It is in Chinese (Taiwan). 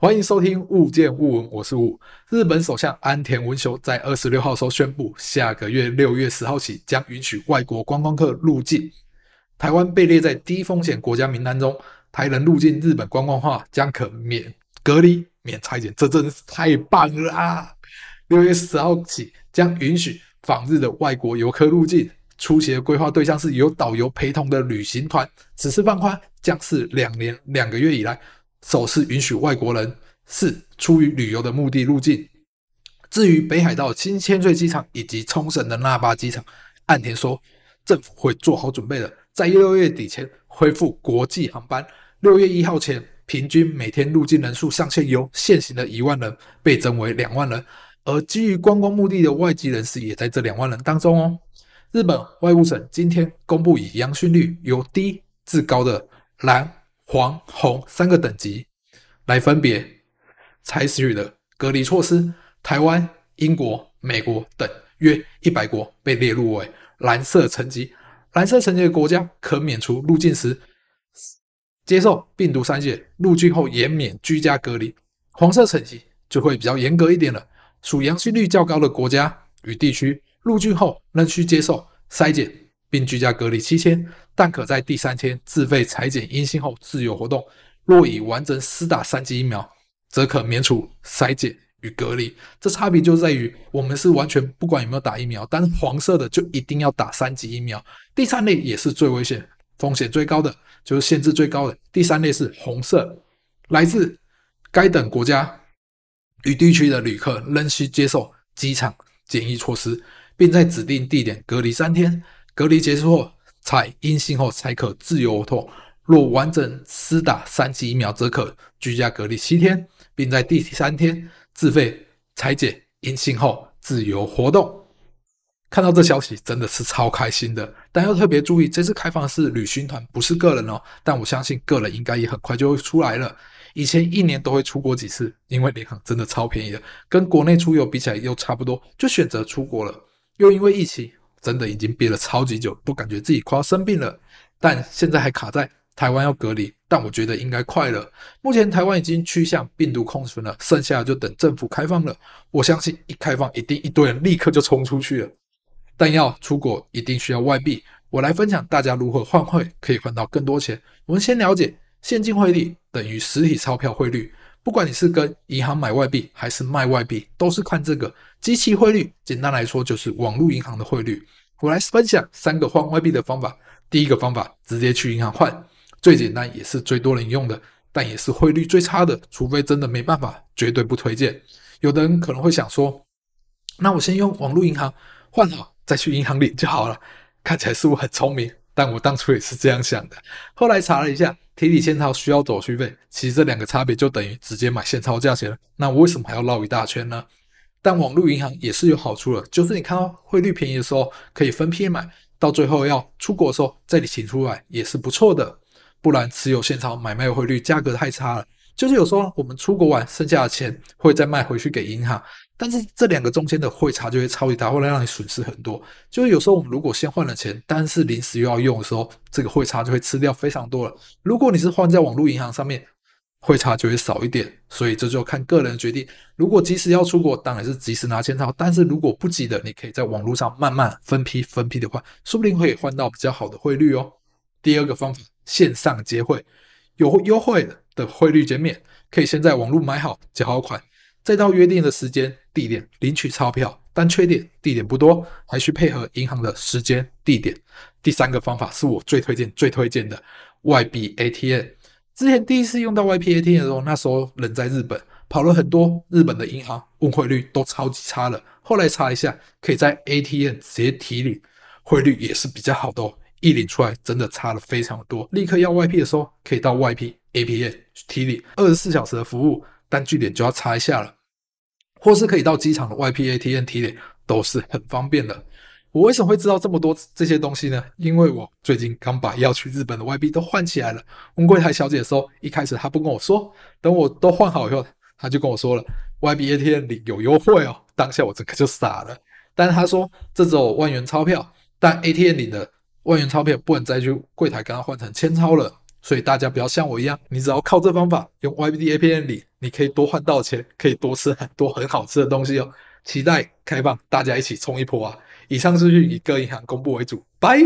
歡迎收聽《物見物聞》，我是勿。日本首相安田文雄在二十六號時候宣布，下個月六月十號起將允許外國觀光客入境。台灣被列在低風險國家名單中，台人入境日本觀光化將可免隔離、免採檢，這真的是太棒了啊！六月十號起將允許訪日的外國遊客入境，出席的規劃對象是由導遊陪同的旅行團。此次放寬將是兩年兩個月以來。首次允許外國人是出於旅遊的目的入境。至於北海道新千歲機場以及沖繩的那霸機場，岸田說政府會做好準備的，在六月底前恢復國際航班。六月一號前，平均每天入境人數上限由現行的一萬人倍增為兩萬人。而基於觀光目的的外籍人士也在這兩萬人當中哦。日本外務省今天公布，以陽性率由低至高的藍。黃、紅三個等級來分別採取的隔離措施。台灣、英國、美國等約一百國被列入為藍色層級，藍色層級的國家可免除入境時接受病毒篩檢，入境後也免居家隔離。黃色層級就會比較嚴格一點了，屬陽性率較高的國家與地區，入境後仍需接受篩檢。並居家隔離七天，但可在第三天自費採檢陰性後自由活動。若已完成施打三劑疫苗，則可免除篩檢與隔離。這差別就在於我們是完全不管有沒有打疫苗，但是黃色的就一定要打三劑疫苗。第三類也是最危險、風險最高的，就是限制最高的。第三類是紅色，來自該等國家與地區的旅客仍需接受機場檢疫措施，並在指定地點隔離三天。隔離結束後，採陰性後才可自由活動。若完整施打三劑疫苗則可居家隔離七天，並在第三天自費採檢，陰性後自由活動。看到這消息真的是超開心的，但要特別注意，這次開放的是旅行團，不是個人哦。但我相信個人應該也很快就會出來了。以前一年都會出國幾次，因為聯航真的超便宜的，跟國內出遊比起來又差不多，就選擇出國了。又因為疫情。真的已經憋了超級久，都感覺自己快要生病了，但現在還卡在台灣要隔離，但我覺得應該快了。目前台灣已經趨向病毒控制了，剩下的就等政府開放了。我相信一開放，一定一堆人立刻就衝出去了。但要出國，一定需要外幣。我來分享大家如何換匯，可以換到更多錢。我們先了解現金匯率等於實體鈔票匯率。不管你是跟銀行買外幣還是賣外幣，都是看這個機器匯率。簡單來說，就是網絡銀行的匯率。我來分享三個換外幣的方法。第一個方法，直接去銀行換，最簡單也是最多人用的，但也是匯率最差的，除非真的沒辦法，絕對不推薦。有的人可能會想說，那我先用網絡銀行換好，再去銀行領就好了，看起來似乎很聰明。但我當初也是這樣想的，後來查了一下。提領現鈔需要手續費，其實這兩個差別就等於直接買現鈔價錢了。那我為什麼還要繞一大圈呢？但網絡銀行也是有好處的，就是你看到匯率便宜的時候，可以分批買，到最後要出國的時候再你請出來，也是不錯的。不然持有現鈔買賣匯率價格太差了。就是有時候我們出國玩，剩下的錢會再賣回去給銀行，但是這兩個中間的匯差就會超級大，會讓你損失很多。就是有時候我們如果先換了錢，但是臨時又要用的時候，這個匯差就會吃掉非常多了。如果你是換在網絡銀行上面，匯差就會少一點，所以這就看個人的決定。如果即時要出國，當然是即時拿簽鈔；但是如果不急的，你可以在網絡上慢慢分批分批的換，說不定會換到比較好的匯率哦。第二個方法，線上結匯。有優惠的，的匯率減免，可以先在網絡買好，繳好款，再到約定的時間、地點領取鈔票。但缺點，地點不多，還需配合銀行的時間、地點。第三個方法是我最推薦、最推薦的外幣 ATM。之前第一次用到外幣 ATM 的時候，那時候人在日本，跑了很多日本的銀行問匯率，都超級差了。後來查一下，可以在 ATM 直接提領，匯率也是比較好的哦。一領出來真的差了非常多，立刻要外幣的時候，可以到外幣 ATM 提領，二十四小時的服務，但據點就要查一下了，或是可以到機場的外幣 ATM 提領都是很方便的。我為什麼會知道這麼多這些東西呢？因為我最近剛把要去日本的外幣都換起來了，問櫃台小姐的時候，一開始她不跟我說，等我都換好以後，她就跟我說了，外幣 ATM 領有優惠哦、喔，當下我整個就傻了，但她說這只有萬元鈔票，但 ATM 領的。萬元鈔票不能再去櫃檯跟他換成千鈔了，所以大家不要像我一樣，你只要靠這方法，用 YBD A P P 裡，你可以多換到錢，可以多吃很多很好吃的東西哦。期待開放，大家一起衝一波啊！以上數據以各銀行公布為主，拜。